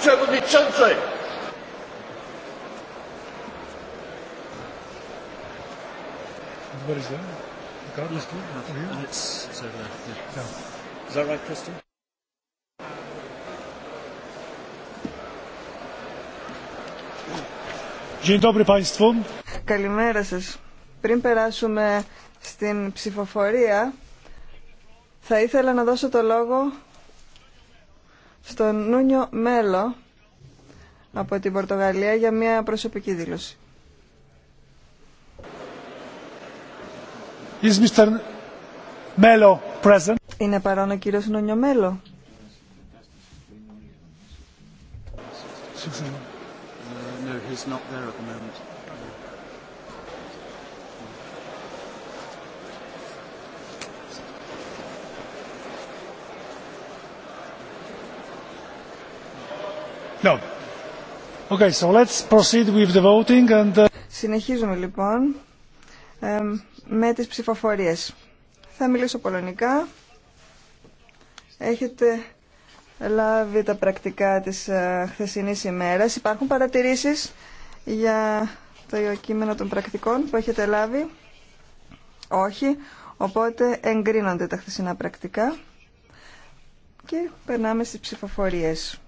Przewodniczący! Dzień dobry Państwu. Καλημέρα σα. Πριν περάσουμε στην ψηφοφορία, θα ήθελα να δώσω το λόγο στον Νούνιο Μέλο από την Πορτογαλία για μια προσωπική δήλωση. Is Mr. Mello present? Είναι παρόν ο κύριος Νούνιο Μέλο. Uh, no, he's not there at the moment. Συνεχίζουμε λοιπόν με τις ψηφοφορίες. Θα μιλήσω πολωνικά. Έχετε λάβει τα πρακτικά της ε, χθεσινής ημέρας. Υπάρχουν παρατηρήσεις για το κείμενο των πρακτικών που έχετε λάβει. Όχι. Οπότε εγκρίνονται τα χθεσινά πρακτικά. Και περνάμε στις ψηφοφορίες.